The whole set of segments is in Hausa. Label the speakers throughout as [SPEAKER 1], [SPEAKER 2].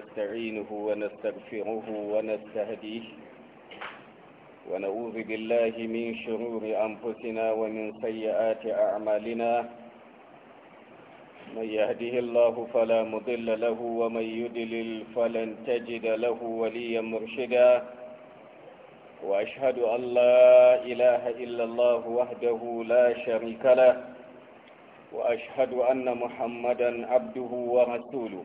[SPEAKER 1] ونستعينه ونستغفره ونستهديه ونعوذ بالله من شرور أنفسنا ومن سيئات أعمالنا من يهده الله فلا مضل له ومن يدلل فلن تجد له وليا مرشدا وأشهد أن لا إله إلا الله وحده لا شريك له وأشهد أن محمدا عبده ورسوله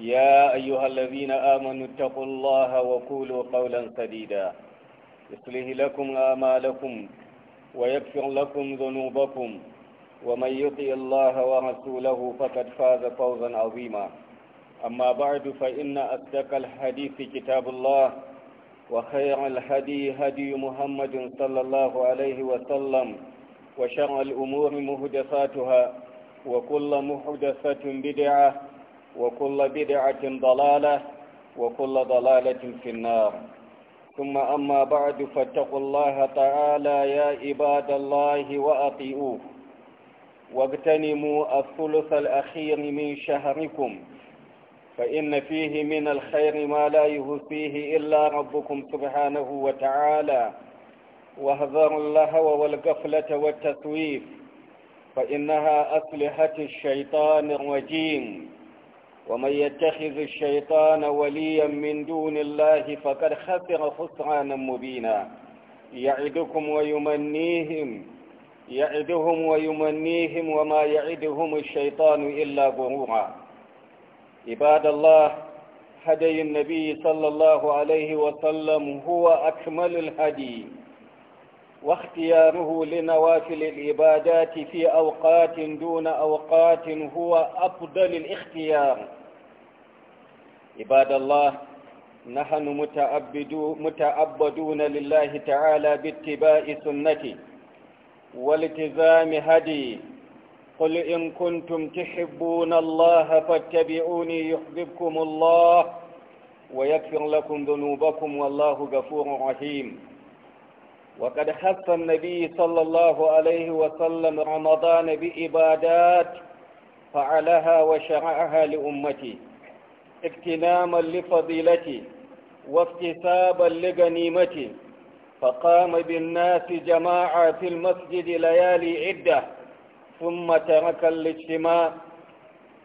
[SPEAKER 1] يا أيها الذين آمنوا اتقوا الله وقولوا قولا سديدا يصلح لكم آمالكم ويكفر لكم ذنوبكم ومن يطع الله ورسوله فقد فاز فوزا عظيما أما بعد فإن أصدق الحديث كتاب الله وخير الهدي هدي محمد صلى الله عليه وسلم وشر الأمور مهدفاتها وكل مهدفة بدعة وكل بدعة ضلالة وكل ضلالة في النار ثم أما بعد فاتقوا الله تعالى يا عباد الله وأطيئوه واغتنموا الثلث الأخير من شهركم فإن فيه من الخير ما لا يهسيه إلا ربكم سبحانه وتعالى واهذروا اللهو والقفلة والتسويف فإنها أسلحة الشيطان الرجيم ومن يتخذ الشيطان وليا من دون الله فقد خسر خسرانا مبينا يعدكم ويمنيهم يعدهم ويمنيهم وما يعدهم الشيطان إلا غرورا عباد الله هدي النبي صلى الله عليه وسلم هو أكمل الهدي واختياره لنوافل العبادات في أوقات دون أوقات هو أفضل الاختيار عباد الله نحن متعبدون لله تعالى باتباع سنتي والتزام هدي قل إن كنتم تحبون الله فاتبعوني يحببكم الله ويكفر لكم ذنوبكم والله غفور رحيم وقد خص النبي صلى الله عليه وسلم رمضان بإبادات فعلها وشرعها لأمته اغتناما لفضيلته واكتسابا لغنيمته فقام بالناس جماعة في المسجد ليالي عدة ثم ترك الاجتماع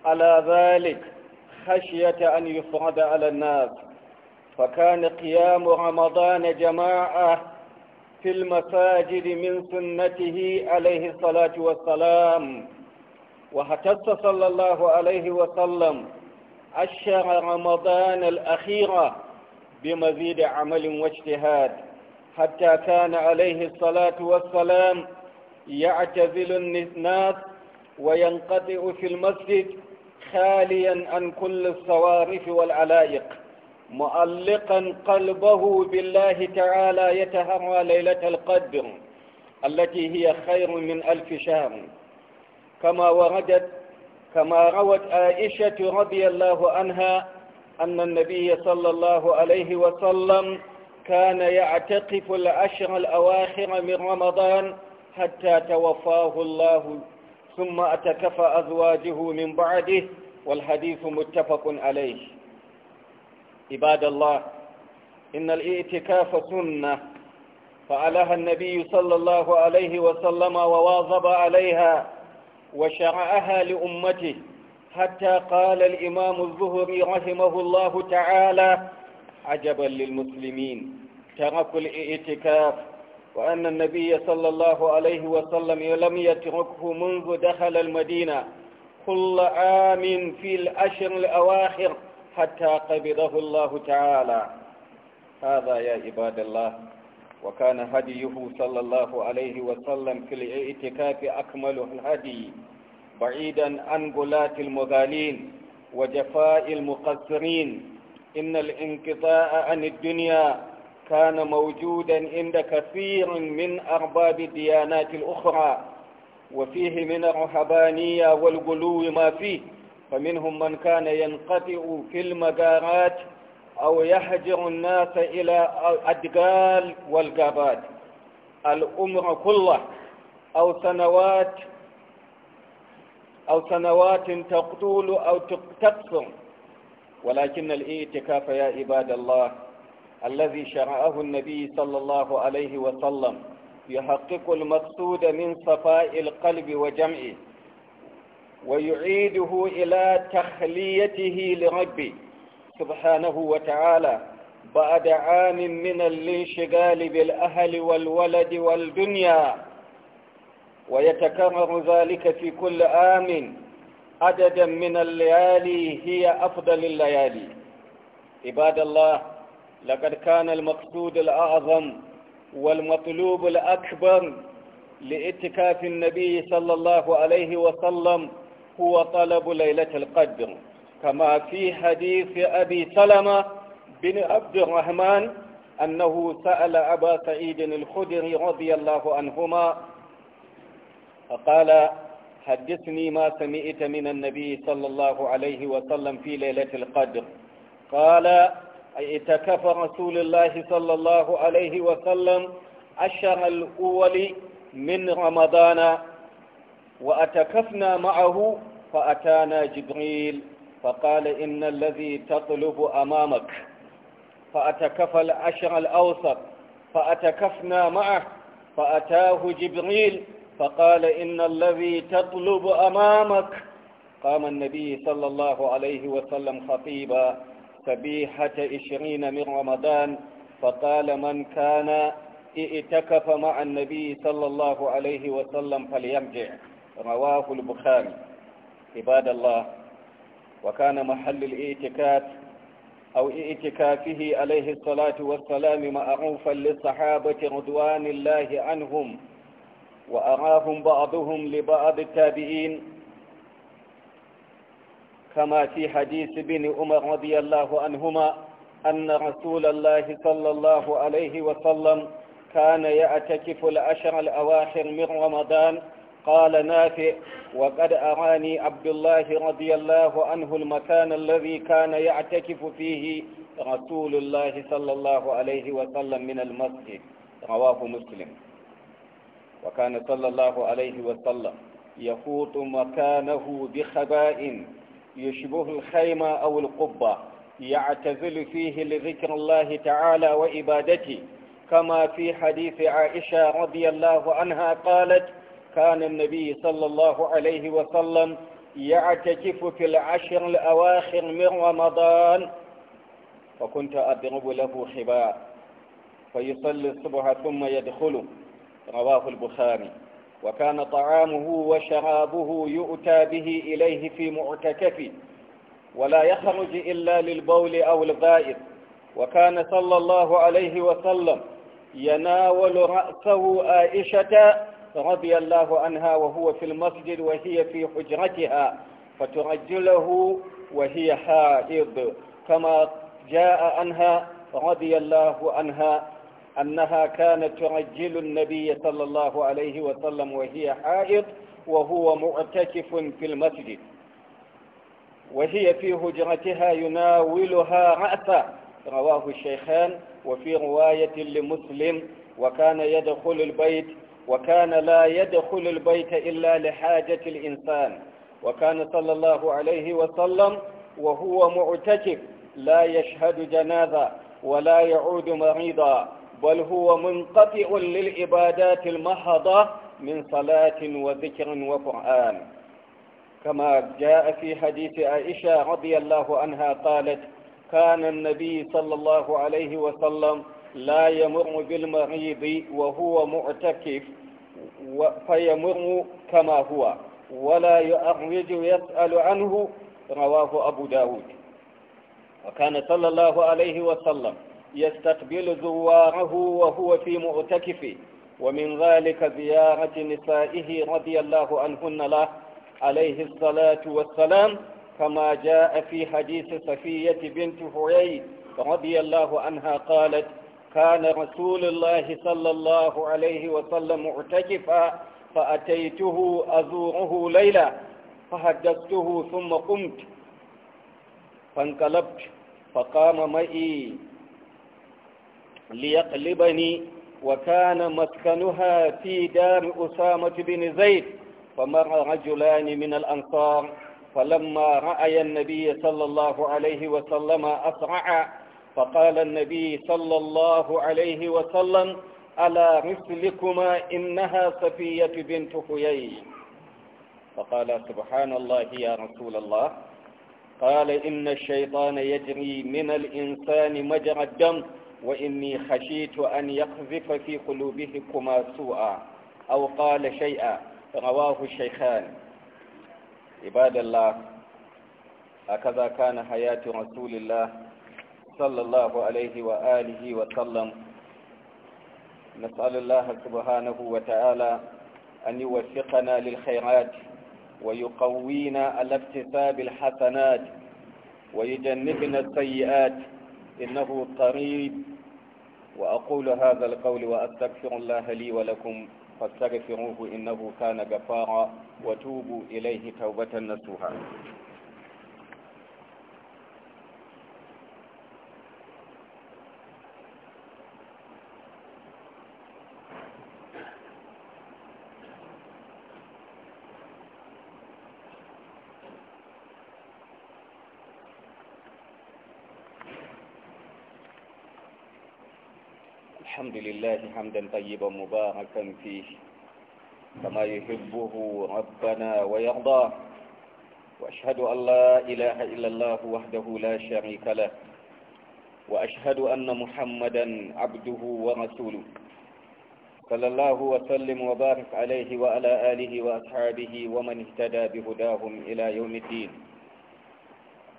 [SPEAKER 1] على ذلك خشية أن يفرد على الناس فكان قيام رمضان جماعة في المساجد من سنته عليه الصلاة والسلام وحتى صلى الله عليه وسلم أشهر رمضان الأخيرة بمزيد عمل واجتهاد حتى كان عليه الصلاة والسلام يعتزل الناس وينقطع في المسجد خاليا عن كل الصوارف والعلائق معلقا قلبه بالله تعالى يتهرى ليلة القدر التي هي خير من ألف شهر كما وردت كما روت عائشة رضي الله عنها أن النبي صلى الله عليه وسلم كان يعتقف العشر الأواخر من رمضان حتى توفاه الله ثم أتكف أزواجه من بعده والحديث متفق عليه عباد الله إن الاعتكاف سنة فعلها النبي صلى الله عليه وسلم وواظب عليها وشرعها لأمته حتى قال الإمام الزهري رحمه الله تعالى عجبا للمسلمين تركوا الاعتكاف وأن النبي صلى الله عليه وسلم لم يتركه منذ دخل المدينة كل عام في الأشر الأواخر حتى قبضه الله تعالى هذا يا عباد الله وكان هديه صلى الله عليه وسلم في الاعتكاف أكمل الهدي بعيدا عن غلاة المغالين وجفاء المقصرين إن الانقطاع عن الدنيا كان موجودا عند كثير من أرباب الديانات الأخرى وفيه من الرهبانية والغلو ما فيه فمنهم من كان ينقطع في المجارات أو يحجر الناس إلى الأدقال والقابات الأمر كله أو سنوات أو سنوات تقتول أو تقصر ولكن الإيتكاف يا عباد الله الذي شرعه النبي صلى الله عليه وسلم يحقق المقصود من صفاء القلب وجمعه ويعيده إلى تخليته لربه سبحانه وتعالى بعد عام من الانشغال بالأهل والولد والدنيا ويتكرر ذلك في كل عام عددا من الليالي هي أفضل الليالي عباد الله لقد كان المقصود الأعظم والمطلوب الأكبر لاتكاف النبي صلى الله عليه وسلم هو طلب ليلة القدر كما في حديث أبي سلمة بن عبد الرحمن أنه سأل أبا سعيد الخدري رضي الله عنهما فقال حدثني ما سمعت من النبي صلى الله عليه وسلم في ليلة القدر قال اعتكف رسول الله صلى الله عليه وسلم عشر الأول من رمضان وأتكفنا معه فأتانا جبريل فقال إن الذي تطلب أمامك فأتكف العشر الأوسط فأتكفنا معه فأتاه جبريل فقال إن الذي تطلب أمامك قام النبي صلى الله عليه وسلم خطيبا سبيحة عشرين من رمضان فقال من كان ائتكف مع النبي صلى الله عليه وسلم فليمجع رواه البخاري عباد الله وكان محل الاعتكاف أو اعتكافه عليه الصلاة والسلام معروفا للصحابة رضوان الله عنهم وأراهم بعضهم لبعض التابعين كما في حديث بن عمر رضي الله عنهما أن رسول الله صلى الله عليه وسلم كان يعتكف العشر الأواخر من رمضان قال نافع وقد أراني عبد الله رضي الله عنه المكان الذي كان يعتكف فيه رسول الله صلى الله عليه وسلم من المسجد رواه مسلم وكان صلى الله عليه وسلم يفوت مكانه بخباء يشبه الخيمة أو القبة يعتزل فيه لذكر الله تعالى وإبادته كما في حديث عائشة رضي الله عنها قالت كان النبي صلى الله عليه وسلم يعتكف في العشر الأواخر من رمضان فكنت أضرب له خباء فيصلي الصبح ثم يدخل رواه البخاري وكان طعامه وشرابه يؤتى به إليه في معتكفه ولا يخرج إلا للبول أو الغائط وكان صلى الله عليه وسلم يناول رأسه آئشة رضي الله عنها وهو في المسجد وهي في حجرتها فترجله وهي حائض كما جاء عنها رضي الله عنها أنها كانت ترجل النبي صلى الله عليه وسلم وهي حائض وهو معتكف في المسجد وهي في هجرتها يناولها رأسه رواه الشيخان وفي رواية لمسلم وكان يدخل البيت وكان لا يدخل البيت إلا لحاجة الإنسان وكان صلى الله عليه وسلم وهو معتكف لا يشهد جنازة ولا يعود مريضا بل هو منقطع للعبادات المحضة من صلاة وذكر وقرآن كما جاء في حديث عائشة رضي الله عنها قالت كان النبي صلى الله عليه وسلم لا يمر بالمريض وهو معتكف فيمر كما هو ولا يؤرج يسأل عنه رواه أبو داود وكان صلى الله عليه وسلم يستقبل زواره وهو في معتكفه ومن ذلك زيارة نسائه رضي الله عنهن له عليه الصلاة والسلام كما جاء في حديث صفية بنت حيي رضي الله عنها قالت كان رسول الله صلى الله عليه وسلم معتكفا فأتيته أزوره ليلة فحدثته ثم قمت فانقلبت فقام معي ليقلبني وكان مسكنها في دار أسامة بن زيد فمر رجلان من الأنصار فلما رأي النبي صلى الله عليه وسلم أسرع فقال النبي صلى الله عليه وسلم على مثلكما إنها صفية بنت حيي فقال سبحان الله يا رسول الله قال إن الشيطان يجري من الإنسان مجرى الدم وإني خشيت أن يقذف في قلوبكما سوءا أو قال شيئا رواه الشيخان عباد الله هكذا كان حياة رسول الله صلى الله عليه وآله وسلم نسأل الله سبحانه وتعالى أن يوفقنا للخيرات ويقوينا على اكتساب الحسنات ويجنبنا السيئات إنه قريب وأقول هذا القول وأستغفر الله لي ولكم فاستغفروه إنه كان غفارا وتوبوا إليه توبة نصوحا الحمد لله حمدا طيبا مباركا فيه كما يحبه ربنا ويرضاه وأشهد أن لا إله إلا الله وحده لا شريك له وأشهد أن محمدا عبده ورسوله صلى الله وسلم وبارك عليه وعلى آله وأصحابه ومن اهتدى بهداهم إلى يوم الدين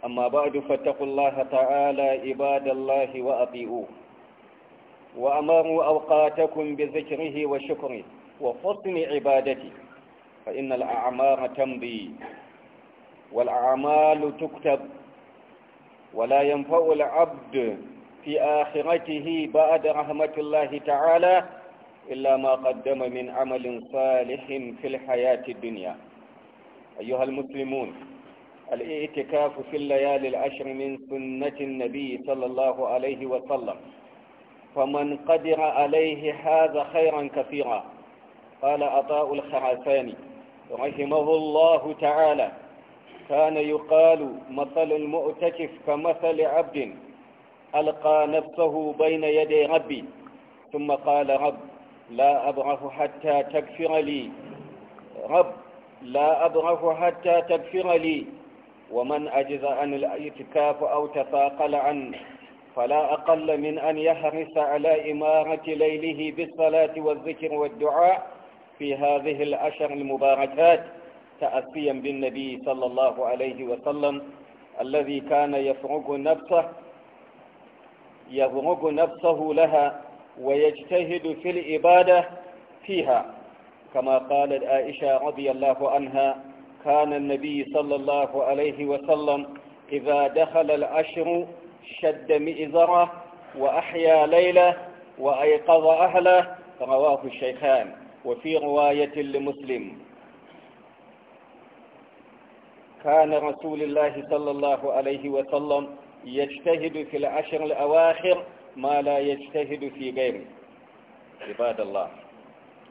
[SPEAKER 1] أما بعد فاتقوا الله تعالى عباد الله واطيعوه وأمروا أوقاتكم بذكره وشكره وحسن عبادته فإن الأعمار تمضي والأعمال تكتب ولا ينفع العبد في آخرته بعد رحمة الله تعالى إلا ما قدم من عمل صالح في الحياة الدنيا أيها المسلمون الاعتكاف في الليالي العشر من سنة النبي صلى الله عليه وسلم فمن قدر عليه هذا خيرا كثيرا قال عطاء الخراساني رحمه الله تعالى كان يقال مثل المؤتكف كمثل عبد ألقى نفسه بين يدي ربي ثم قال رب لا أبرح حتى تكفر لي رب لا أبرح حتى تكفر لي ومن أجز عن الاعتكاف أو تثاقل عنه فلا أقل من أن يحرص على إمارة ليله بالصلاة والذكر والدعاء في هذه الأشر المباركات تأسيا بالنبي صلى الله عليه وسلم الذي كان يفرق نفسه يفرق نفسه لها ويجتهد في الإبادة فيها كما قالت عائشة رضي الله عنها كان النبي صلى الله عليه وسلم إذا دخل الأشر شد مئزره وأحيا ليله وأيقظ أهله رواه الشيخان وفي رواية لمسلم كان رسول الله صلى الله عليه وسلم يجتهد في العشر الأواخر ما لا يجتهد في غيره عباد الله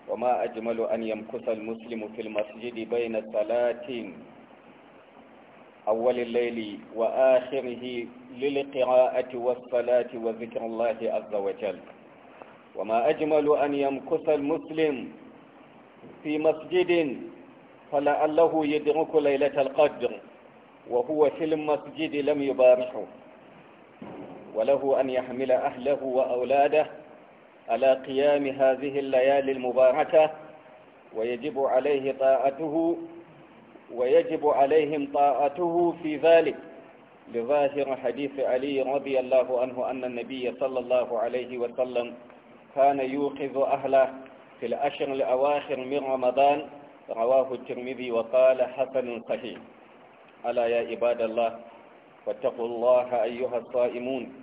[SPEAKER 1] وما أجمل أن يمكث المسلم في المسجد بين صلاة أول الليل وآخره للقراءة والصلاة وذكر الله عز وجل وما أجمل أن يمكث المسلم في مسجد فلعله يدرك ليلة القدر وهو في المسجد لم يبارحه وله أن يحمل أهله وأولاده على قيام هذه الليالي المباركة ويجب عليه طاعته ويجب عليهم طاعته في ذلك لظاهر حديث علي رضي الله عنه أن النبي صلى الله عليه وسلم كان يوقظ أهله في الأشر الأواخر من رمضان رواه الترمذي وقال حسن صحيح ألا يا عباد الله فاتقوا الله أيها الصائمون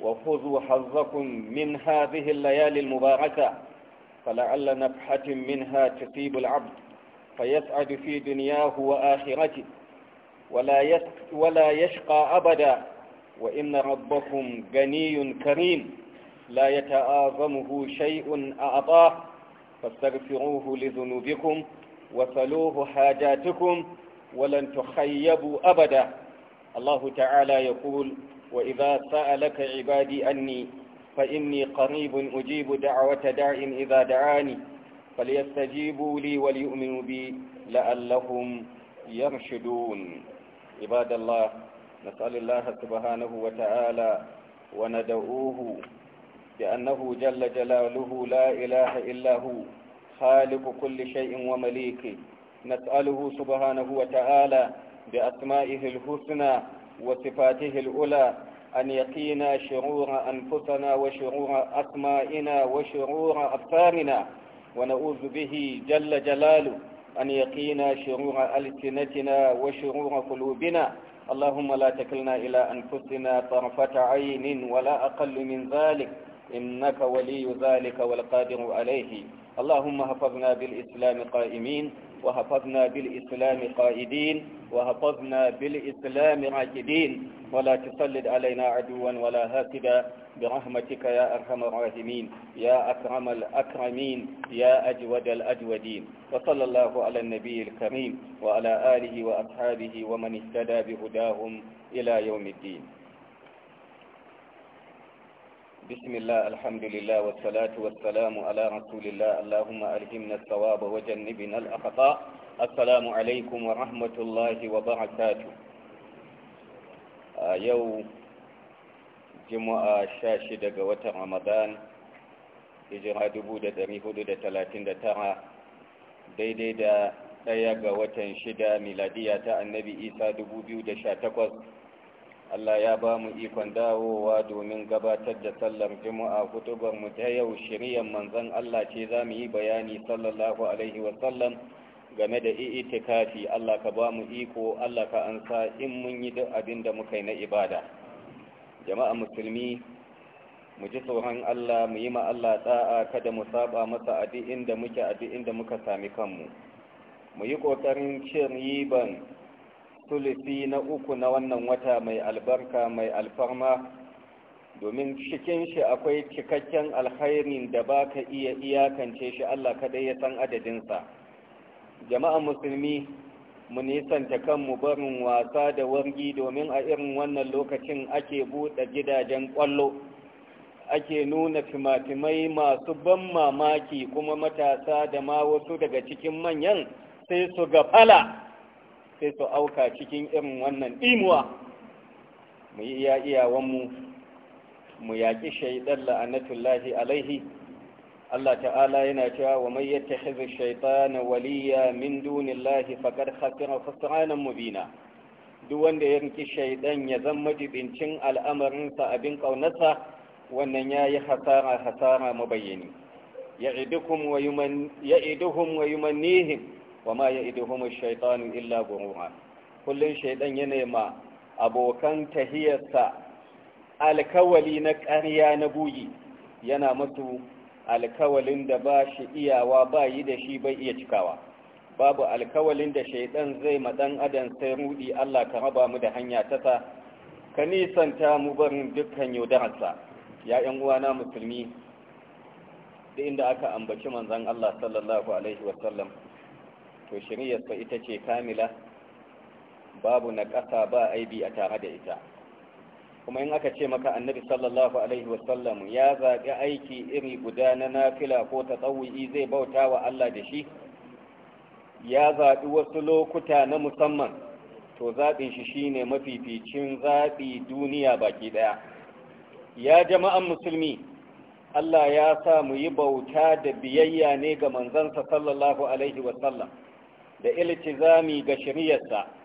[SPEAKER 1] وخذوا حظكم من هذه الليالي المباركة فلعل نفحة منها تصيب العبد فيسعد في دنياه وآخرته ولا, ولا يشقى أبدا وإن ربكم غني كريم لا يتآظمه شيء أعطاه فاستغفروه لذنوبكم وصلوه حاجاتكم ولن تخيبوا أبدا الله تعالى يقول وإذا سألك عبادي أني فإني قريب أجيب دعوة داع إذا دعاني فليستجيبوا لي وليؤمنوا بي لعلهم يرشدون عباد الله نسأل الله سبحانه وتعالى وندعوه بأنه جل جلاله لا إله إلا هو خالق كل شيء ومليكه نسأله سبحانه وتعالى بأسمائه الحسنى وصفاته الأولى أن يقينا شرور أنفسنا وشرور أسمائنا وشرور أبصارنا ونعوذ به جل جلاله أن يقينا شرور ألسنتنا وشرور قلوبنا اللهم لا تكلنا إلى أنفسنا طرفة عين ولا أقل من ذلك إنك ولي ذلك والقادر عليه اللهم حفظنا بالإسلام قائمين وحفظنا بالإسلام قائدين وهفظنا بالإسلام راجدين ولا تسلد علينا عدوا ولا هاتبا برحمتك يا أرحم الراحمين يا أكرم الأكرمين يا أجود الأجودين وصلى الله على النبي الكريم وعلى آله وأصحابه ومن اهتدى بهداهم إلى يوم الدين بسم الله الحمد لله والصلاة والسلام على رسول الله اللهم ألهمنا الثواب وجنبنا الأخطاء Asalamu alaikum wa rahmatullahi wa barakatu a yau juma'a sha shi daga watan ramadan hijira 1439 daidai da ɗaya ga watan shida miladiya ta annabi isa 2018 allah ya ba mu ikon dawowa domin gabatar da sallar jima'a kutubarmu ta yau shiriyar manzan allah ce za mu yi bayani sallallahu alaihi wasallam game da itikafi Allah ka ba mu iko Allah ka ansa in mun yi duk abin da muka yi na ibada jama'a musulmi mu ji tsoron Allah mu yi ma Allah da'a kada mu saba masa a duk inda muke a inda muka sami kanmu mu yi kokarin cin riban tulisi na uku na wannan wata mai albarka mai alfarma domin cikin shi akwai cikakken alkhairin da baka iya iyakance shi Allah kada ya san adadinsa jama'an musulmi mu nisanta kanmu barin wasa da wargi domin a irin wannan lokacin ake buɗe gidajen ƙwallo ake nuna fimatimai masu ban mamaki kuma matasa da ma wasu daga cikin manyan sai su gafala sai su auka cikin irin wannan imuwa mu yi iya iyawanmu mu yaƙi shaidar la'anatullahi alaihi Allah ta'ala yana cewa wa mai yattakhidhu shaytana waliya min dunillahi faqad khasira khusranan mubina duk wanda ya riki shaidan ya zama jibincin al'amarinsa abin ƙaunarsa wannan ya yi hasara hasara mabayani ya iduhum wa yumannihim wa ma ya iduhum shaitan illa gurura kullum shaidan ya nema abokan tahiyarsa alkawali na ƙarya na buyi yana masu alkawalin da ba shi iyawa ba yi da shi bai iya cikawa babu alkawalin da shaidan zai maɗan adan sai rudi Allah ka raba mu da hanya ta sa ka nisanta mu barin dukkan yaudararsa ya ‘yan uwana musulmi da inda aka ambaci manzan Allah sallallahu Alaihi wasallam to shiriyarsa ita ce kamila babu na ƙasa ba aibi a tare da ita kuma in aka ce maka annabi sallallahu alaihi wasallam ya zaɓi aiki iri guda na nafila ko ta zai bauta wa Allah da shi ya zaɓi wasu lokuta na musamman to zaɓin shi shine mafificin zaɓi duniya baki ɗaya ya jama'an musulmi Allah ya sa mu yi bauta da biyayya ne ga manzansa sallallahu alaihi wasallam da iltizami ga shari'arsa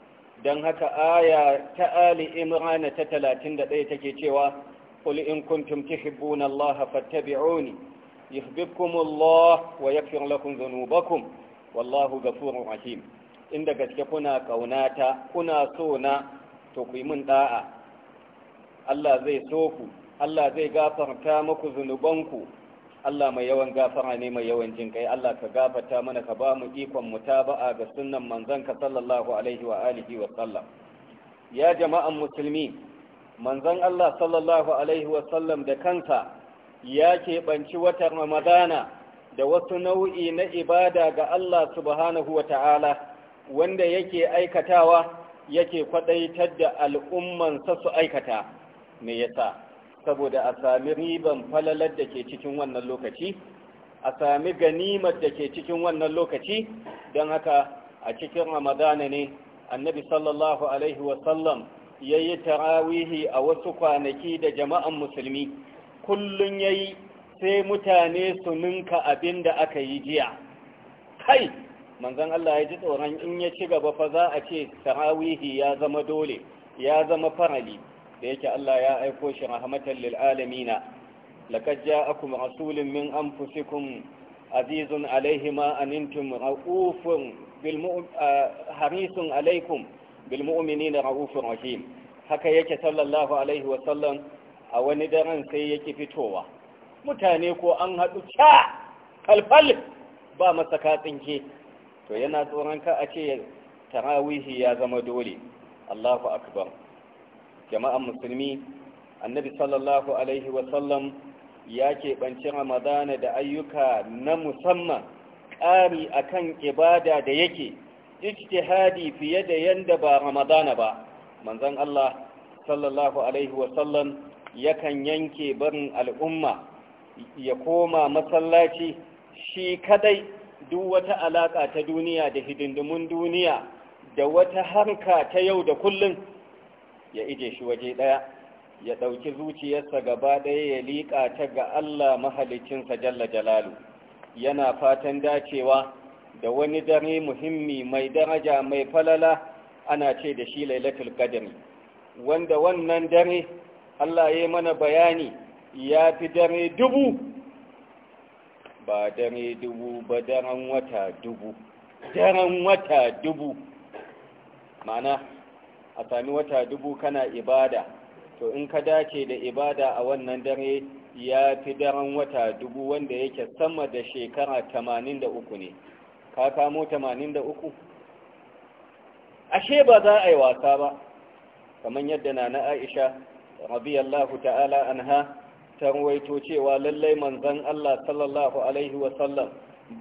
[SPEAKER 1] don haka aya ta ali imrana ta 31 take cewa kuli in kuntum tuhibbuna Allah fattabi'uni yuhibbukum Allah wa yaghfir lakum dhunubakum wallahu ghafurur rahim in da gaske kuna kaunata kuna so na to ku yi min da'a Allah zai so ku Allah zai gafarta muku zunubanku Allah mai yawan gafara ne mai yawan jin kai Allah ka gafata mana ka ba mu ikon mutaba'a ga sunnan manzanka sallallahu alaihi wa alihi wa sallam ya jama'an musulmi manzon Allah sallallahu alaihi wa sallam da kansa ya keɓanci watan Ramadana da wasu nau'i na ibada ga Allah subhanahu wa wanda yake aikatawa yake kwadaitar da al'ummansa su aikata me yasa saboda a sami riban falalar da ke cikin wannan lokaci a sami ganimar da ke cikin wannan lokaci don haka a cikin ramadana ne annabi sallallahu alaihi wasallam ya yi tarawihi a wasu kwanaki da jama'an musulmi kullum ya yi sai mutane su ninka abin da aka yi jiya kai manzan Allah ya ji tsoron in ya ci gaba fa za a ce tarawihi ya zama dole ya zama farali da yake Allah ya aiko shi rahmatan lil alamin laqad ja'akum rasulun min anfusikum azizun alayhi ma raufun bil harisun alaykum bil mu'minina ra'ufun rahim haka yake sallallahu alaihi wa sallam a wani daren sai yake fitowa mutane ko an haɗu ca kalfal ba masa katsinke to yana tsoron ka a ce tarawihi ya zama dole Allahu akbar jama'an musulmi annabi sallallahu alaihi wasallam ya keɓanci ramadana da ayyuka na musamman ƙari akan ibada da yake ijtihadi fiye da yanda ba ramadana ba manzon Allah sallallahu alaihi wasallam yakan yanke barin al'umma ya koma masallaci shi kadai duk wata alaƙa ta duniya da hidindimun duniya da wata harka ta yau da kullum ya ije shi waje ɗaya ya ɗauki zuciyarsa gaba ɗaya ya liƙa ta ga Allah mahalicinsa jalla jalalu yana fatan dacewa da wani dare muhimmi mai daraja mai falala ana ce da shi lailatul qadri wanda wannan dare Allah ya mana bayani ya fi dare dubu ba dare dubu ba daren wata dubu daren wata dubu ma'ana a sami wata dubu kana ibada to in ka dace da ibada a wannan dare ya fi daren wata dubu wanda yake sama da shekara 83 ne ka kamo 83 ashe ba za a yi wasa ba kamar yadda na na aisha radiyallahu ta'ala anha ta ruwaito cewa lallai manzon Allah sallallahu alaihi wasallam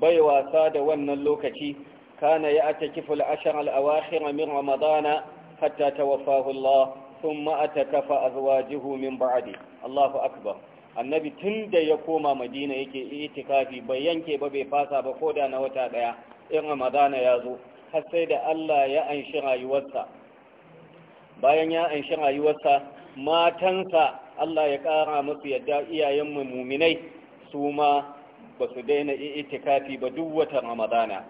[SPEAKER 1] bai wasa da wannan lokaci kana ya atakiful ashar al-awakhir min ramadana حتى توفاه الله ثم أتكف أزواجه من بعده الله أكبر annabi tun da ya koma madina yake itikafi bai yanke ba bai fasa ba ko da na wata daya in ramadana ya zo har sai da Allah ya anshi rayuwarsa bayan ya anshi rayuwarsa matansa Allah ya kara musu yadda iyayen muminai su ma ba su daina itikafi ba duk watan ramadana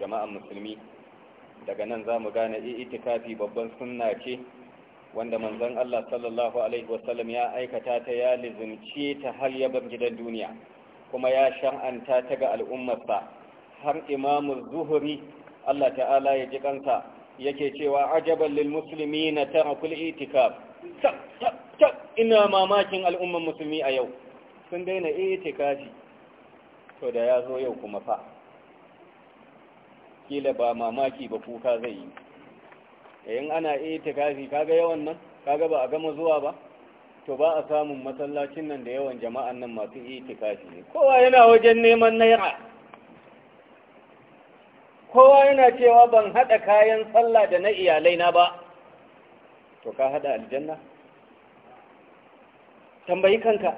[SPEAKER 1] jama'an musulmi daga nan za mu gane itikafi babban sunna ce wanda manzon Allah sallallahu alaihi wasallam ya aikata ta ya lizumce ta har ya bar gidan duniya kuma ya shan'anta ta ga al'ummarsa har imamu zuhuri Allah ta'ala ya ji kansa yake cewa ajaban lil na tarakul itikaf ina mamakin al'ummar musulmi a yau sun daina itikafi to da ya zo yau kuma fa kila ba mamaki ba kuka zai yi yayin eh, ana itikafi kaga yawan nan kaga ba a gama zuwa ba to ba a samun masallacin nan da yawan jama'an nan masu itikafi ne kowa yana wajen neman naira kowa yana cewa ban hada kayan sallah da na iyalai na ba to ka hada aljanna tambayi kanka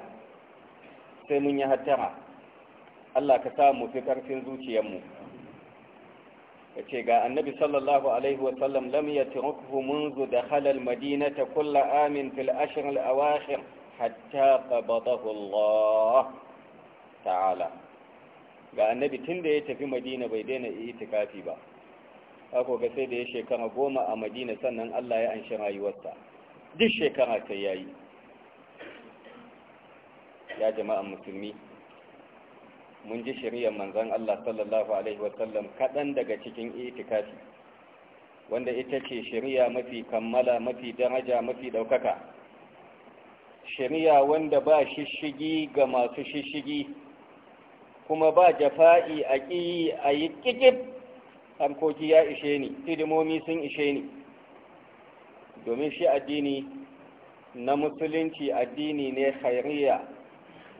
[SPEAKER 1] sai mun yi hattara Allah ka sa mu fi karfin zuciyarmu yace ga annabi sallallahu alaihi wa sallam lam yatrukhu madina ta kulla amin عام a الأشهر الأواخر hatta قبضه Allah Ta'ala. ga annabi tun da ya tafi madina bai daina itikafi ba ako ga sai da ya shekara goma a madina sannan Allah ya anshi rayuwarsa duk shekara sai yayi ya jama'an musulmi mun ji shari'ar manzan Allah sallallahu alaihi wasallam kaɗan daga cikin itikafi wanda ita ce shari'a mafi kammala mafi daraja mafi ɗaukaka shari'a wanda ba shishigi ga masu shishigi kuma ba jafa'i a ƙiyi a yi ƙiƙib harkoki ya ishe ni hidimomi sun ishe ni domin shi addini na musulunci addini ne khairiyya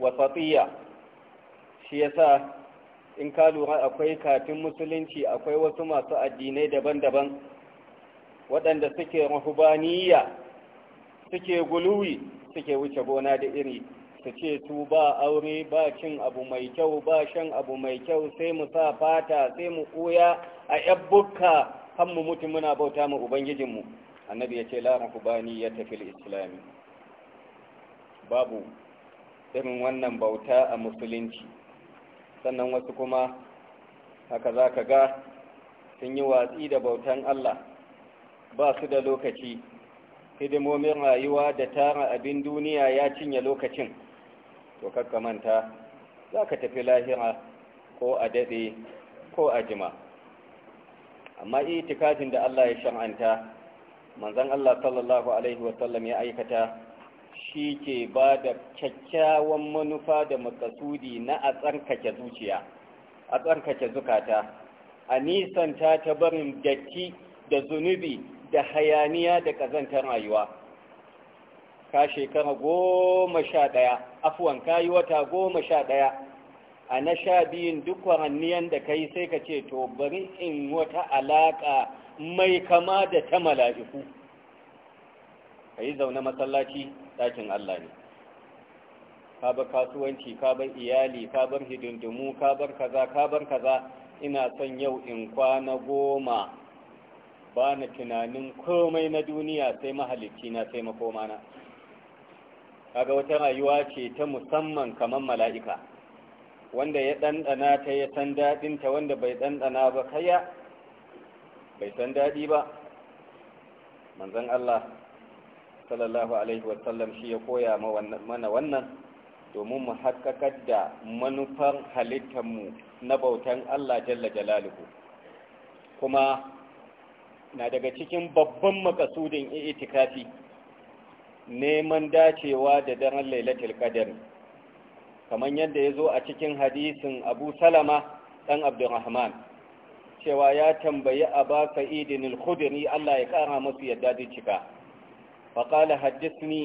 [SPEAKER 1] wasatiyya shi yasa in ka lura akwai kafin musulunci akwai wasu masu addinai daban-daban waɗanda suke rahubaniya suke guluwi suke wuce gona da iri su ce su ba aure ba cin abu mai kyau ba shan abu mai kyau sai mu sa fata sai mu koya a yabbuka kan mu mutu muna bauta mu ubangijinmu annabi ya ce la rahubani ya tafi islami babu irin wannan bauta a musulunci sannan wasu kuma haka za ka ga sun yi watsi da bautan Allah ba su da lokaci hidimomin rayuwa da tara abin duniya ya cinye lokacin to kakka manta za ka tafi lahira ko a daɗe ko a jima amma itikafin da Allah ya shan'anta manzan Allah sallallahu Alaihi wasallam ya aikata shi ke ba da kyakkyawan manufa da makasudi na a tsarkake zuciya a tsarkake zukata a nisanta ta barin datti da zunubi da hayaniya da ƙazantar rayuwa ka shekara goma sha ɗaya afuwan yi wata goma sha ɗaya a na sha biyun duk waranniyan da ka yi sai ka ce to bari in wata alaƙa mai kama da ta mala'iku ka yi zaune masallaci ɗakin Allah ne ka bar kasuwanci ka bar iyali ka bar hidindimu ka bar kaza ka bar kaza ina son yau in kwana goma ba na tunanin komai na duniya sai mahalicci na sai makomana kaga wata rayuwa ce ta musamman kamar mala'ika wanda ya ɗanɗana ta ya san daɗinta wanda bai ɗanɗana ba kaya bai san daɗi ba manzan Allah sallallahu alaihi wasallam shi ya koya mana wannan domin mu haƙaƙar da manufar halittarmu na bautan Allah jalla jalaluhu kuma na daga cikin babban makasudin itikafi neman dacewa da daren lailatul qadr kamar yadda ya zo a cikin hadisin abu salama ɗan abdurrahman cewa ya tambayi a ba idin al Allah ya ƙara masu yadda cika فقال حدثني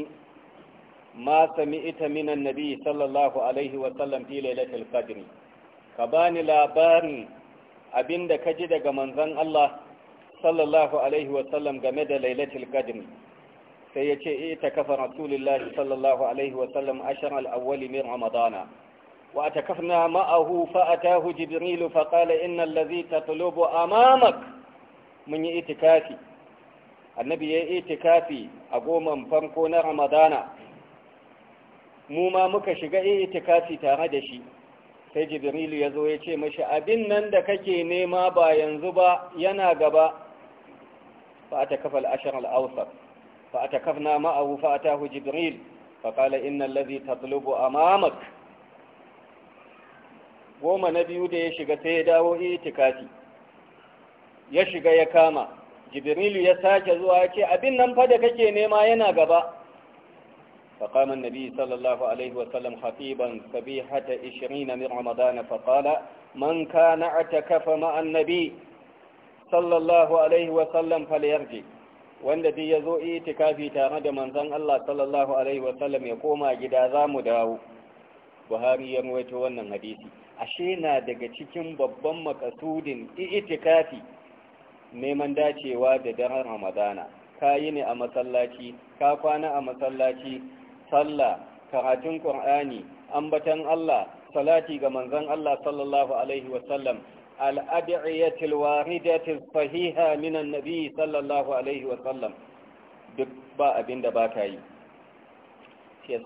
[SPEAKER 1] ما سمعت من النبي صلى الله عليه وسلم في ليلة القدر كباني لاباري أبين دا كجد منزن الله صلى الله عليه وسلم جمد ليلة القدر سيتي اعتكف رسول الله صلى الله عليه وسلم عشر الأول من رمضان وأتكفنا معه فأتاه جبريل فقال إن الذي تطلب أمامك من اعتكافي annabi ya yi itikafi a goman farko na ramadana mu ma muka shiga itikafi tare da shi sai jibrilu ya zo ya ce mashi abin nan da kake nema ba yanzu ba yana gaba fa ata kafal ashar al-awsat fa atakafna ma'ahu fa hu jibril fa qala inna allazi tatlubu amamak goma na biyu da ya shiga sai ya dawo itikafi ya shiga ya kama jibrilu ya sake zuwa ya ce abin nan fa da kake nema yana gaba فقام النبي صلى الله عليه وسلم خطيبا صبيحة عشرين من رمضان فقال من كان اعتكف مع النبي صلى الله عليه وسلم فليرجع والذي يزوء اعتكافي تارد من ذن الله صلى الله عليه وسلم يقوم جدازا مداو Buhari ya rawaito wannan hadisi ashe na daga cikin babban makasudin itikafi neman dacewa da daren ramadana ka yi ne a masallaci ka kwana a masallaci sallah karatun qur'ani ambatan Allah salati ga manzon Allah sallallahu alaihi wasallam al waridatil sahiha minan nabi sallallahu alaihi wasallam duk ba abin da ba ka yi shi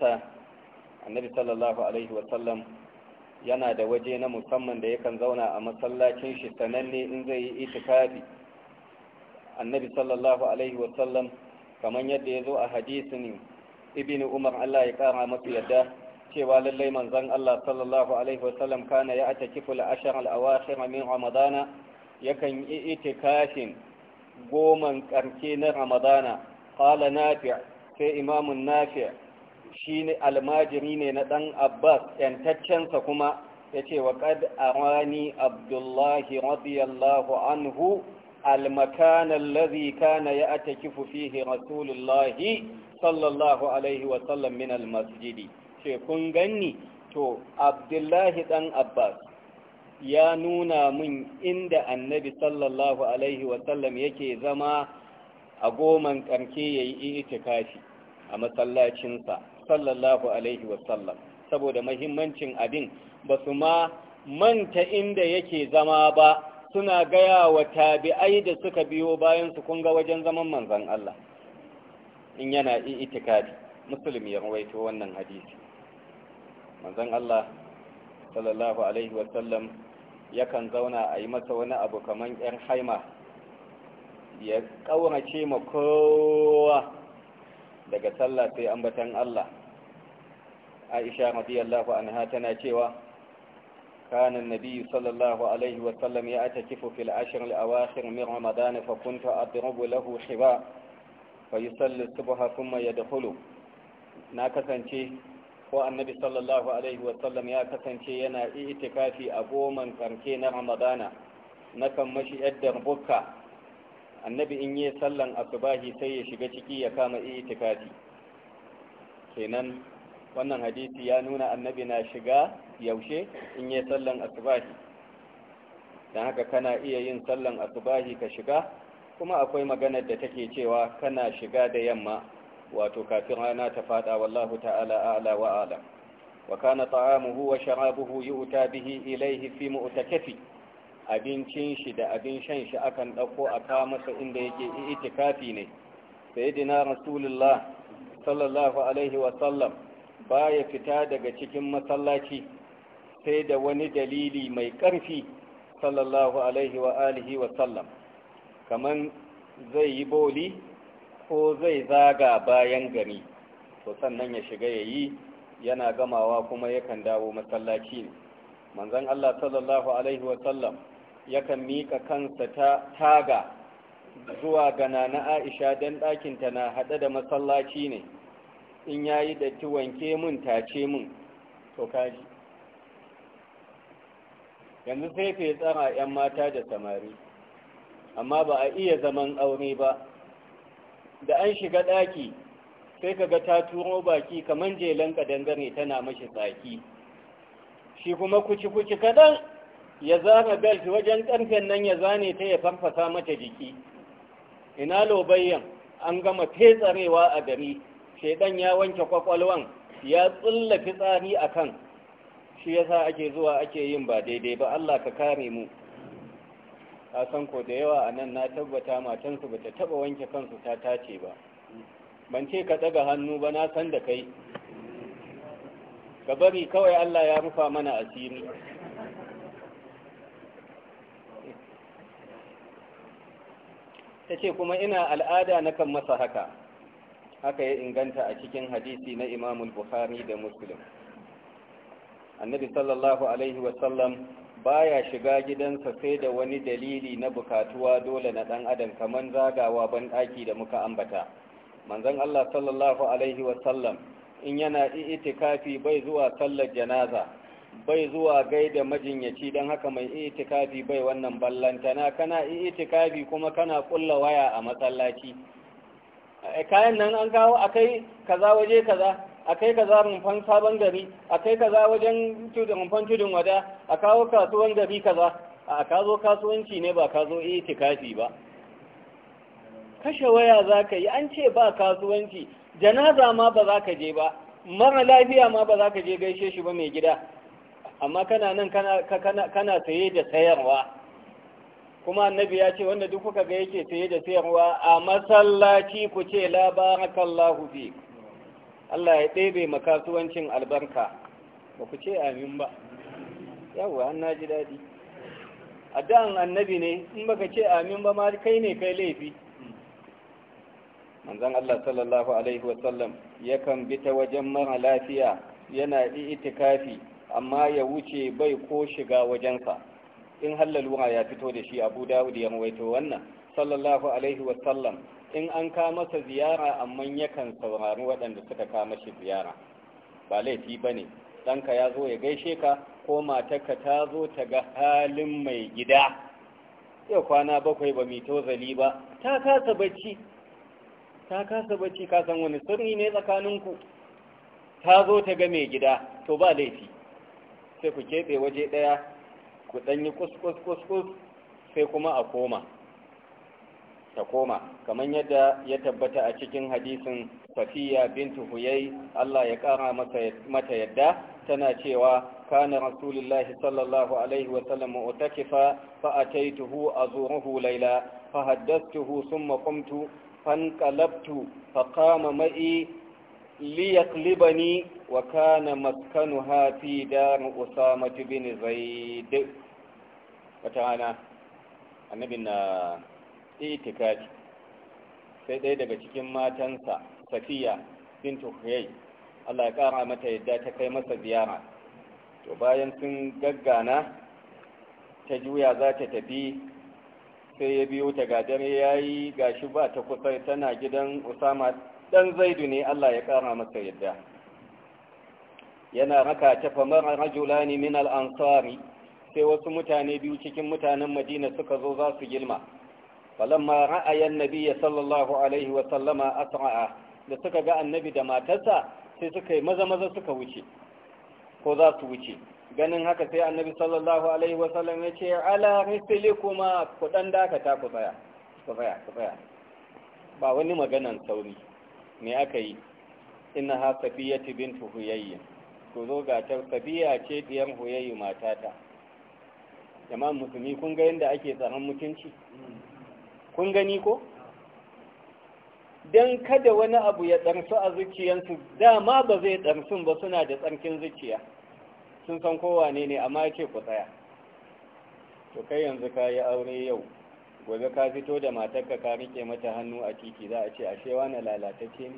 [SPEAKER 1] annabi sallallahu alaihi wasallam yana da waje na musamman da yakan zauna a masallacin shi sananne in zai yi itikafi annabi sallallahu alaihi wasallam kamar yadda ya zo a hadisin ibn umar Allah ya kara masu yadda cewa lallai manzon Allah sallallahu alaihi wasallam kana ya atakifu al-ashr al min ramadana yakan yi itikafin goman karke na ramadana qala nafi' sai imamun nafi' shine almajiri ne na dan abbas yantaccensa kuma yace wa qad arani abdullahi radiyallahu anhu المكان الذي كان يأتكف فيه رسول الله صلى الله عليه وسلم من المسجد kun ganni to abdullahi ɗan abbas ya nuna min inda annabi sallallahu alaihi wasallam yake zama a goman karke ya yi itikafi a masallacinsa sallallahu alaihi wasallam saboda mahimmancin abin ba su ma manta inda yake zama ba suna gaya wa tabi'ai da suka biyo bayan su kunga wajen zaman manzan Allah in yana itikadi musulmi ya rawaito wannan hadisi manzan Allah sallallahu alaihi wasallam yakan zauna a yi masa wani abu kaman 'yar haima ya ƙaurace ma kowa daga sallah sai ambatan Allah Aisha radiyallahu anha tana cewa كان النبي صلى الله عليه وسلم يعتكف في العشر الأواخر من رمضان فكنت أضرب له حباء ko annabi sallallahu ya kasance yana itikafi a goman karke na ramadana na kan mashi yaddar bukka annabi in yi sallan asubahi sai ya shiga ciki ya kama itikafi kenan wannan hadisi ya nuna annabi na shiga yaushe in yi sallan asubahi don haka kana iya yin sallan asubahi ka shiga kuma akwai maganar da take cewa kana shiga da yamma wato kafin rana ta fada wallahu ta'ala a'la wa a'lam wa kana ta'amuhu wa sharabuhu yu'ta bihi ilayhi fi mu'takafi abincin shi da abin shan shi akan dauko a ka masa inda yake itikafi ne sayyidina rasulullah sallallahu alaihi wa sallam baya fita daga cikin masallaci sai da wani dalili mai ƙarfi sallallahu alaihi wa alihi wa sallam kaman zai yi boli ko zai zaga bayan gari to sannan ya shiga ya yi yana gamawa kuma yakan dawo masallaci ne manzon Allah sallallahu alaihi wa sallam yakan mika kansa ta taga zuwa ga nana Aisha dan ɗakinta na haɗe da masallaci ne in yayi datti wanke mun tace mun to kaji yanzu sai ke tsara 'yan mata da samari amma ba a iya zaman aure ba da an shiga ɗaki sai kaga ta turo baki kamar jelan dangane tana mashi tsaki shi kuma kuci-kuci kadan ya zama belt wajen ƙarfen nan ya zane ta ya farfasa mata jiki ina lobayyan an gama fetsarewa a gari shaidan ya wanke kwakwalwan ya tsulla fitsari a kan shi yasa ake zuwa ake yin ba daidai ba Allah ka kare mu a san ko da yawa a nan na tabbata matansu ba ta taba wanke kansu ta tace ba ban ce ka daga hannu ba na san da kai ka bari kawai Allah ya rufa mana asiri ta ce kuma ina al'ada na kan masa haka haka ya inganta a cikin hadisi na imamul bukhari da muslim annabi sallallahu alaihi wasallam baya shiga gidansa sai da wani dalili na bukatuwa dole na dan adam kaman zagawa ban daki da muka ambata manzon Allah sallallahu alaihi wasallam in yana itikafi bai zuwa sallar janaza bai zuwa gaida majinyaci dan haka mai itikafi bai wannan ballantana kana itikafi kuma kana kulla waya a masallaci eh, kayan nan an kawo akai kaza waje kaza a kai kaza rumfan sabon gari a kai kaza wajen rumfan tudun wada a kawo kasuwan gari kaza a ka zo kasuwanci ne ba ka zo itikafi ba kashe waya za ka yi an ce ba kasuwanci janaza ma ba za ka je ba mara lafiya ma ba za ka je gaishe shi ba mai gida amma kana nan kana saye da sayarwa kuma annabi ya ce wanda duk kuka ga yake saye da sayarwa a masallaci ku ce labarakallahu barakallahu fik Allah ya ɗebe makasuwancin albarka ba ku ce amin ba yawwa an na ji daɗi A da'an annabi ne in ka ce amin ba ma kai ne kai laifi manzan Allah sallallahu alaihi wasallam yakan bi ta wajen mara lafiya yana kafi, amma ya wuce bai ko shiga wajensa in hallalura ya fito da shi abu dawud ya rawaito wannan sallallahu alaihi wasallam in an ka masa ziyara amma yakan saurari waɗanda suka kama mashi ziyara ba laifi ba ne ɗanka ya zo ya gaishe ka ko matarka ta zo ta ga halin mai gida yau kwana bakwai ba mai tozali ba ta kasa bacci ta kasa bacci kasan wani sirri ne tsakaninku ta zo ta ga mai gida to ba laifi sai ku keɓe waje ɗaya ku ɗanyi kus-kus-kus sai kuma a koma ta koma kamar yadda ya tabbata a cikin hadisin safiya bintu huyai Allah ya kara mata yadda tana cewa kana rasulullahi sallallahu alaihi wasallam mu'takifa fa ataituhu azuruhu layla fa haddathtuhu thumma qumtu fanqalabtu fa qama ma'i liyaqlibani wa kana maskanuha fi dar usama bin zaid wata ana annabin itikafi sai ɗaya daga cikin matansa safiya bintu huyai Allah ya ƙara mata yadda ta kai masa ziyara to bayan sun gaggana ta juya za ta tafi sai ya biyo ta gadar ya yi gashi ba ta kusa tana gidan usama ɗan zaidu ne Allah ya ƙara masa yadda yana raka ta famar rajulani min al'ansari sai wasu mutane biyu cikin mutanen madina suka zo za su gilma فلما ra'ayan النبي صلى الله عليه وسلم asra'a da suka ga annabi da matarsa sai suka yi maza maza suka wuce ko za su wuce ganin haka sai annabi sallallahu alaihi wa sallam ya ce ala kuma ku dan dakata ku tsaya ku tsaya ku tsaya ba wani maganan sauri me aka yi inna ha safiyatu bintu huyayyin ku zo ga ta safiya ce diyan huyayyi matata jama'an musulmi kun ga yadda ake tsaron mutunci kun gani ko don kada wani abu ya tsarsu a zuciyarsu dama ba zai tsarsun ba suna da tsarkin zuciya sun san kowa ne ne amma ce ku tsaya to kai yanzu ka yi aure yau gobe ka fito da matarka ka rike mata hannu a titi za a ce ashe wani lalatacce ne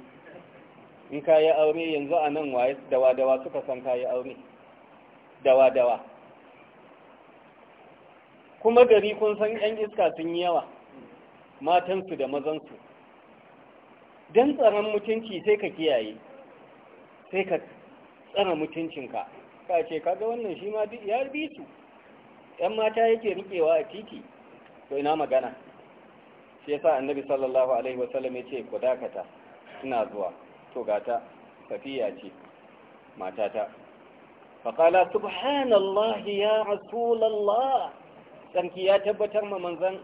[SPEAKER 1] in ka yi aure yanzu a nan waye dawa-dawa suka san ka yi aure dawa-dawa kuma gari kun san 'yan iska sun yi yawa matansu da mazansu don tsaron mutunci sai ka kiyaye sai ka tsara mutuncinka ka ce kaga wannan shi ma ya bi su ‘yan mata yake riƙewa a titi to ina magana shi yasa annabi sallallahu alaihi wasallam ya ce ku dakata suna zuwa to gata safiya ce matata faƙala subhanallah ya rasulallah sarki ya tabbatar ma manzan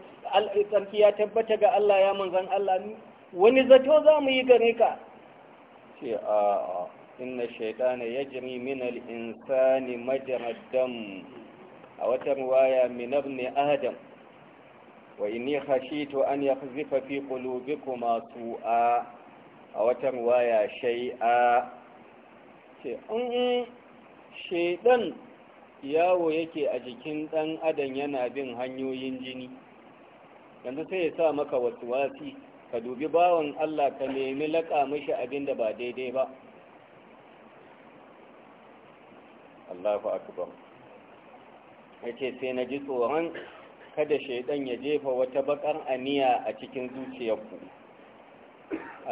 [SPEAKER 1] tsarki ya tabbata ga Allah ya manzan Allah ni wani zato za mu yi gare ka ce a inna shaitana ya jiri min al'insani majaraddam a wata ruwaya minab ne adam wa inni to an ya zifa fi kuma a wata ruwaya shai'a ce in shaidan yawo yake a jikin ɗan adam yana bin hanyoyin jini yanzu sai ya sa maka wasu wasi ka dubi bawan Allah ka nemi laƙa mashi abin da ba daidai ba Allahu akbar yace sai na ji tsoron kada shaidan ya jefa wata bakar aniya a cikin zuciyarku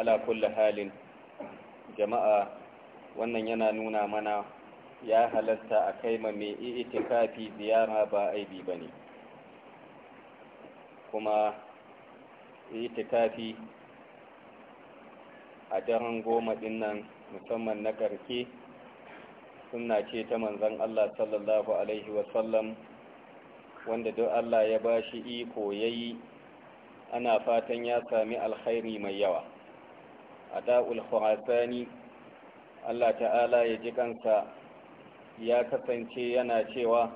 [SPEAKER 1] ala kulli halin jama'a wannan yana nuna mana ya halasta a kai ma mai itikafi ziyara ba aibi bane kuma kafi a daren goma din nan musamman na karke suna ce ta manzan Allah sallallahu alaihi wasallam wanda duk Allah ya ba shi iko ya yi ana fatan ya sami alkhairi mai yawa a da'ul khurasani Allah ta'ala ya ji kansa ya kasance yana cewa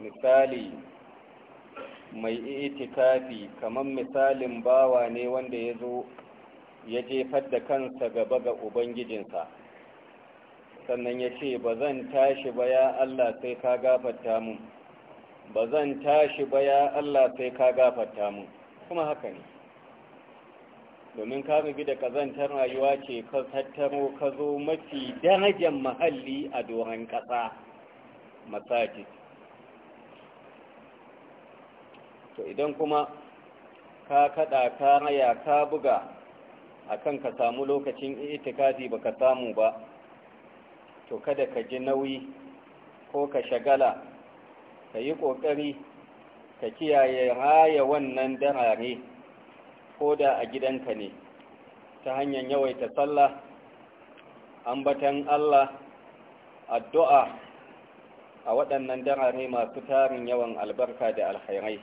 [SPEAKER 1] misali mai itikafi kamar misalin bawa ne wanda ya zo ya jefar da kansa gaba ga ubangijinsa sannan ya ce ba zan tashi ba ya allah sai ka gafarta mun ba zan tashi ba ya allah sai ka gafarta mun kuma haka ne domin ka rubi da kazantar rayuwa ce ka tattaro ka zo mafi darajar mahalli a doron ƙasa masajid to idan kuma ka kada ka raya ka buga akan ka samu lokacin itikadi baka samu ba to kada ka ji nauyi ko ka shagala ka yi ƙoƙari ka kiyaye raya wannan darare ko da a gidanka ne ta hanyar yawaita sallah ambatan Allah addu'a a waɗannan darare masu tarin yawan albarka da alhairai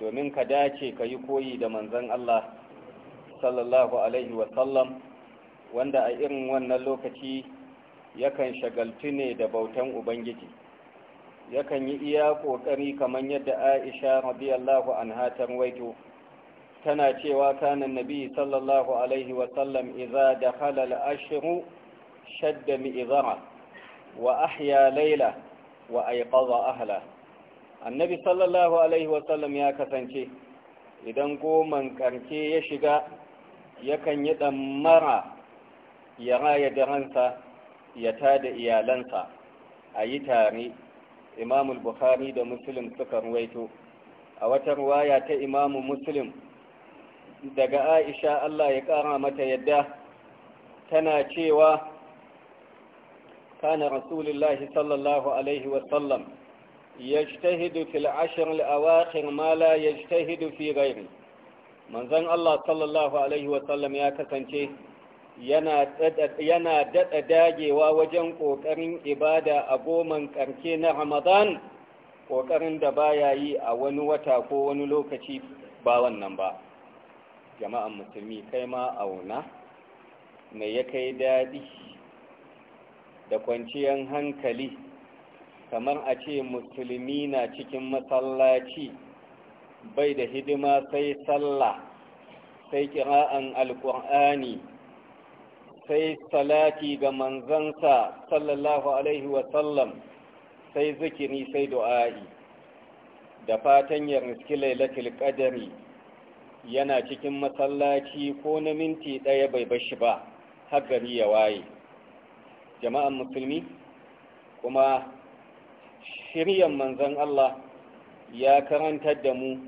[SPEAKER 1] domin ka dace ka yi koyi da manzon Allah sallallahu alaihi wasallam wanda a irin wannan lokaci yakan shagaltu ne da bautan ubangiji yakan yi iya ƙoƙari kamar yadda aisha radiyallahu anha tana cewa kanan nabi sallallahu alaihi wasallam iza da halal ashiru shadda mi'izara wa ahya laila wa aiƙaza ahla annabi sallallahu alaihi wasallam ya kasance idan goman karke ya shiga yakan yi ɗammara ya raya da ransa ya tada iyalansa a yi tare imamul bukhari da muslim suka ruwaito a wata ruwaya ta imamu muslim daga aisha allah ya kara mata yadda tana cewa kana rasulullahi sallallahu alaihi wasallam يجتهد في العشر الأواخر ما لا يجتهد في غيره manzon Allah sallallahu Alaihi wasallam ya kasance yana dada dagewa wajen kokarin ibada a goman karke na Ramadan kokarin da baya yi a wani wata ko wani lokaci ba wannan ba. Jama'an musulmi kai ma auna, me ya kai dadi da kwanciyar hankali kamar a ce musulmi na cikin masallaci bai da hidima sai sallah sai kira'an alƙur'ani sai salati ga manzansa sallallahu alaihi wasallam sai zikiri sai du'a'i da fatan ya riski lailatul qadari yana cikin masallaci ko na minti ɗaya bai bashi ba har gari ya waye jama'an musulmi kuma shiryan manzan Allah ya karantar da mu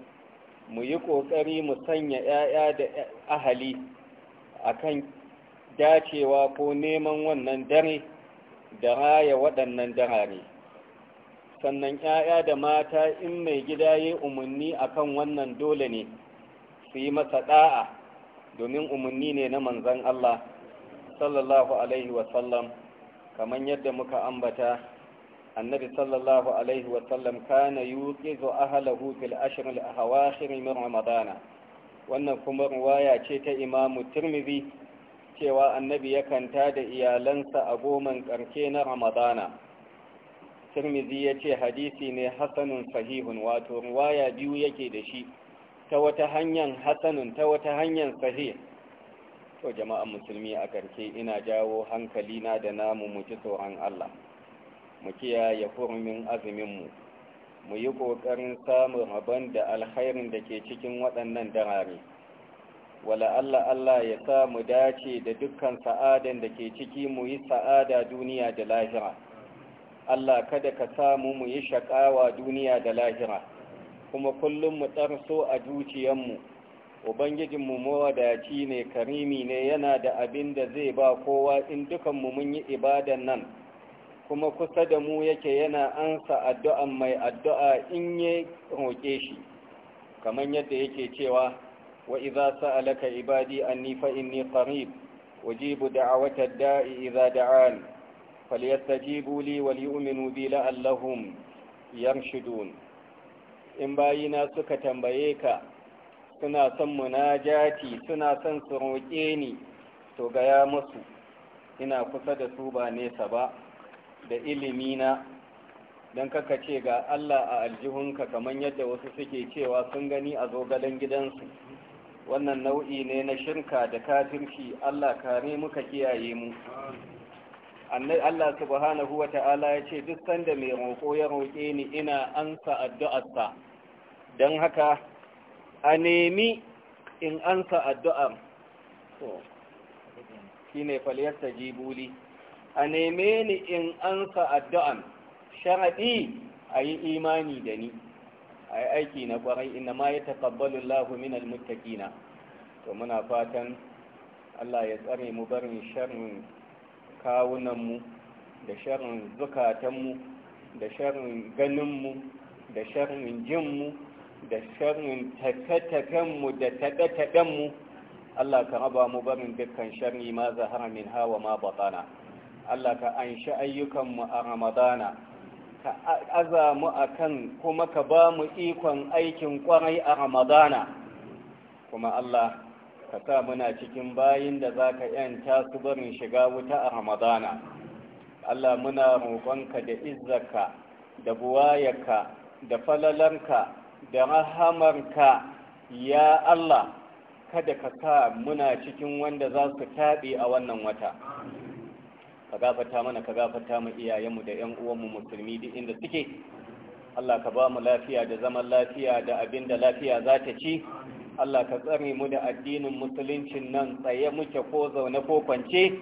[SPEAKER 1] mu yi ƙoƙari mu sanya 'ya'ya da ahali a kan dacewa ko neman wannan dare da raya waɗannan darare sannan 'ya'ya da mata in mai gida ya umarni a kan wannan dole ne su yi masa ɗa'a domin umarni ne na manzan Allah sallallahu alaihi wasallam kamar yadda muka ambata النبي صلى الله عليه وسلم كان يوقظ أهله في الأشهر الأواخر من رمضان wannan kuma ruwaya ce ta imamu turmizi cewa annabi kanta da iyalansa a goman ƙarshe na ramadana turmizi ya ce hadisi ne hasanun sahihun wato ruwaya biyu yake da shi ta wata hanyar hasanun ta wata hanyar sahih to jama'an musulmi a ƙarke ina jawo hankalina da namu muci tsoron allah mu kiyaye hurumin azuminmu mu yi ƙoƙarin samun rabon da alkhairin da ke cikin waɗannan darare wala Allah Allah ya sa mu dace da dukkan sa'adan da ke ciki mu yi sa'ada duniya da lahira Allah kada ka samu mu yi shaƙawa duniya da lahira kuma kullum mu tsarso a zuciyarmu ubangijinmu mawadaci ne karimi ne yana da abin da zai ba kowa in dukanmu mun yi ibadan nan kuma kusa da mu yake yana ansa addu'an mai addu'a in ya roƙe shi kamar yadda yake cewa wa iza sa'alaka ibadi anni fa inni qarib wajibu da'awata da'i idza da'an falyastajibu li wal yu'minu bi la'allahum shidun. in bayina suka tambaye ka suna son munajati suna son su roƙe ni to gaya musu ina kusa da su ba nesa ba da ilimina don kaka ce ga Allah a aljihunka kamar yadda wasu suke cewa sun gani a zogalen gidansu wannan nau'i ne na shirka da kafirci Allah kare muka kiyaye mu Annai Allah subhanahu wa ta'ala ya ce duk sanda mai roƙo ya roƙe ni ina ansa addu'arsa don haka a nemi in ansa addu'ar shi ne ta jibuli a neme ni in ansa addu'an sharaɗi a yi imani da ni a yi aiki na ƙwarai ina ma ya taƙabbalin lahumin almuttaƙina to muna fatan allah ya tsare mu barin sharin kawunanmu da sharrin zukatanmu da ganin ganinmu da jin jinmu da sharrin tafe da taɗe mu allah ka raba mu barin dukkan sharri ma zahara min hawa ma batsana Allah ka anshi ayyukanmu a ramadana ka aza mu akan kuma ka ba mu ikon aikin kwarai a ramadana kuma Allah ka sa muna cikin bayin da za ka yanta su barin shiga wuta a ramadana Allah muna roƙonka da izzaka da buwayarka da falalanka da rahamarka ya Allah kada ka sa muna cikin wanda za su taɓe a wannan wata ka gafarta mana ka gafarta mu iyayenmu da yan uwanmu musulmi duk inda suke Allah ka ba mu lafiya da zaman lafiya da abin da lafiya za ta ci Allah ka tsare mu da addinin musuluncin nan tsaye muke ko zaune ko kwance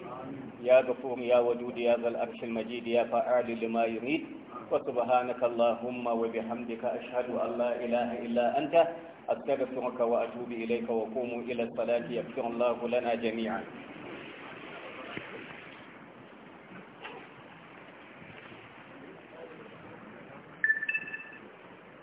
[SPEAKER 1] ya gafuru ya wadudu ya zal arshil majid ya fa'alu lima yurid wa subhanaka allahumma wa bihamdika ashhadu an la ilaha illa anta أستغفرك وأتوب إليك وقوموا إلى الصلاة يغفر الله لنا جميعا